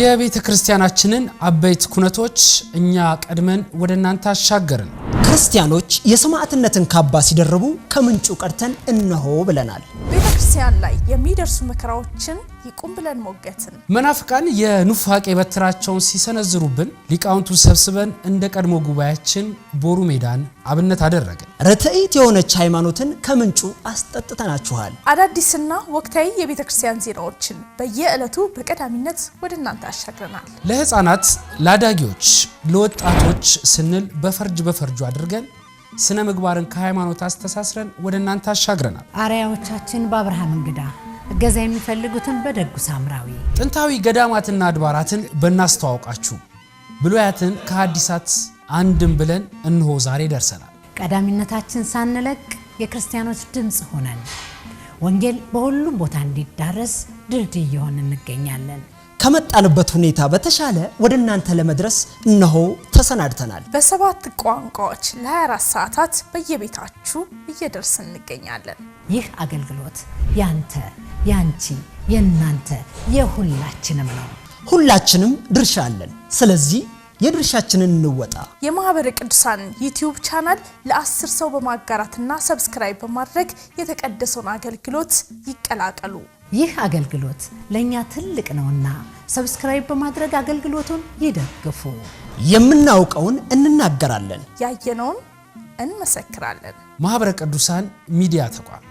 የቤተ ክርስቲያናችንን አበይት ኩነቶች እኛ ቀድመን ወደ እናንተ አሻገርን። ክርስቲያኖች የሰማዕትነትን ካባ ሲደርቡ ከምንጩ ቀድተን እነሆ ብለናል። ቤተ ክርስቲያን ላይ የሚደርሱ መከራዎችን ይቁም ብለን ሞገትን። መናፍቃን የኑፋቄ በትራቸውን ሲሰነዝሩብን ሊቃውንቱ ሰብስበን እንደ ቀድሞ ጉባኤያችን ቦሩ ሜዳን አብነት አደረግን። ረተኢት የሆነች ሃይማኖትን ከምንጩ አስጠጥተናችኋል። አዳዲስና ወቅታዊ የቤተ ክርስቲያን ዜናዎችን በየዕለቱ በቀዳሚነት ወደ እናንተ አሻግረናል። ለሕፃናት፣ ለአዳጊዎች፣ ለወጣቶች ስንል በፈርጅ በፈርጁ አድርገን ስነ ምግባርን ከሃይማኖት አስተሳስረን ወደ እናንተ አሻግረናል። አርያዎቻችን በአብርሃም እንግዳ እገዛ የሚፈልጉትን በደጉ ሳምራዊ ጥንታዊ ገዳማትና አድባራትን በናስተዋውቃችሁ ብሉያትን ከሐዲሳት አንድም ብለን እንሆ ዛሬ ደርሰናል። ቀዳሚነታችን ሳንለቅ የክርስቲያኖች ድምፅ ሆነን ወንጌል በሁሉም ቦታ እንዲዳረስ ድልድይ እየሆን እንገኛለን። ከመጣንበት ሁኔታ በተሻለ ወደ እናንተ ለመድረስ እነሆ ተሰናድተናል። በሰባት ቋንቋዎች ለ24 ሰዓታት በየቤታችሁ እየደርስ እንገኛለን። ይህ አገልግሎት ያንተ፣ ያንቺ፣ የእናንተ የሁላችንም ነው። ሁላችንም ድርሻ አለን። ስለዚህ የድርሻችንን እንወጣ። የማኅበረ ቅዱሳን ዩቲዩብ ቻናል ለአስር ሰው በማጋራትና ሰብስክራይብ በማድረግ የተቀደሰውን አገልግሎት ይቀላቀሉ። ይህ አገልግሎት ለእኛ ትልቅ ነውና ሰብስክራይብ በማድረግ አገልግሎቱን ይደግፉ። የምናውቀውን እንናገራለን፣ ያየነውን እንመሰክራለን። ማኅበረ ቅዱሳን ሚዲያ ተቋም